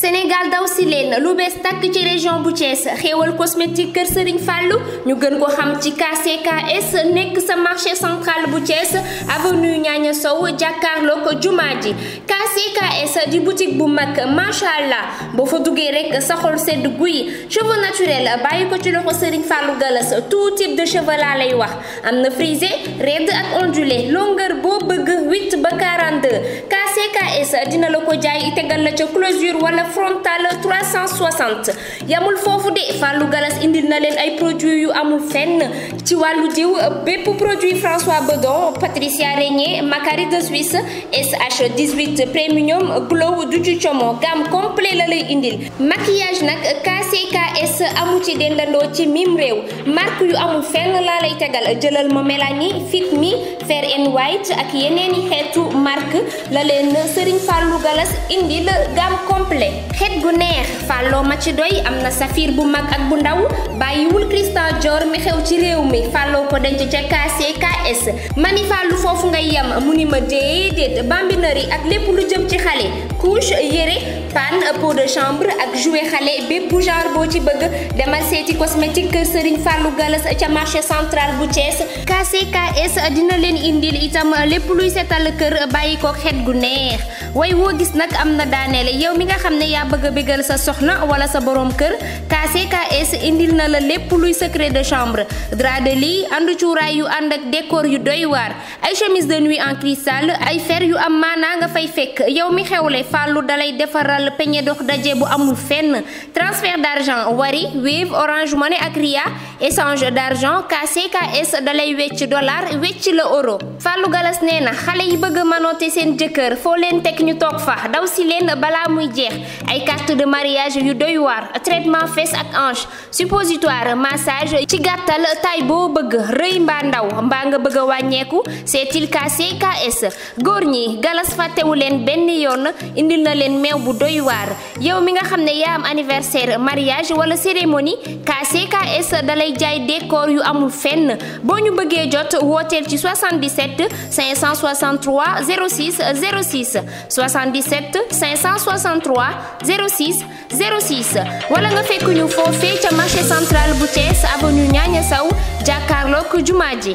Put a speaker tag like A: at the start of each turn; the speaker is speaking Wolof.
A: Sénégal daw si leen lu bees tàkk ci région bu Thiès xéewal cosmétique kër Serigne Fallou ñu gën ko xam ci KCKS nekk sa marché central bu Thiès avenue Niania Sow jàkkaarloo ko jumaa ji KCKS di boutique bu mag macha allah boo fa duggee rek sa xol sedd guy cheveux naturels bàyyi ko ci loxo Serigne Fallou Galas tout type de cheveux lay wax am na frisé raide ak ondulé longueur boo bëgg 8 ba 42. Thiès dina la ko jaay itegal la frontale closure wala frontal 360 yamul fofu de fallu Galas indil na len ay produits yu amul fenn ci walu diw bepp produit François Bedon Patricia Régnier Macari de Suisse SH18 Premium Glow du ci chomo gamme complet la lay indil maquillage nak KCKS amu ci mimreu ci mim rew marque yu amul fenn laa lay tegal jëlal ma Melanie Fit Me Fair and White ak yeneen xetu marque la fa galas indi la gam complet xeet gu neex fàlloo ma ci doy am na bu mag ak bu ndaw bàyyiwul cristal dior mi xew ci rew mi fàlloo ko denc ci KCKS mani fàllu fofu ngay yam muni ni ma déedéet bambinerie ak lepp lu jëm ci xale couche yere pan peau de chambre ak jouet xale bu jar bo ci bëgg demal seti cosmétique keur Serigne fallu Galas ci marché central bu ties KCKS dina len indil itam lepp luy setal keur bayiko xet gu neex way woo gis nag am na daaneele yow mi nga xam ne yaa bëgg a bégal sa soxna wala sa borom kër KCKS indil na la lépp luy secret de chambre drap de lit ànd cuuraay yu ànd ak décor yu doy waar ay chemise de nuit en cristal ay fer yu am maanaa nga fay fekk yow mi xewle fàllu dalay defaral peñe dox daje bu amul fenn transfert d'argent Wari Wave Orange Money ak Ria échange d'argent KCKS dalay wecc dollar wecc la euro fàllu galas nee na xale a manoote seen fekk ñu toog fa daw si leen balaa muy jeex ay carte de mariage yu doy war traitement fesse ak ange, suppositoire massage ci gàttal tay bo bëgg reuy mba ndaw mba nga bëgg a wàññeeku seetil KCKS góor ñi galas fàttewu leen ben yoon indil na len mew bu doy war yow mi nga xamné ya am anniversaire mariage wala cérémonie KCKS dalay jaay décor yu amul fenn boo ñu bëggee jot hôtel ci 77 563 06 06 77 563 06 06 wala nga fekk ñu foofee ca marché central bu Thiès avenue Niania Sow jàkkaarloog jumaa ji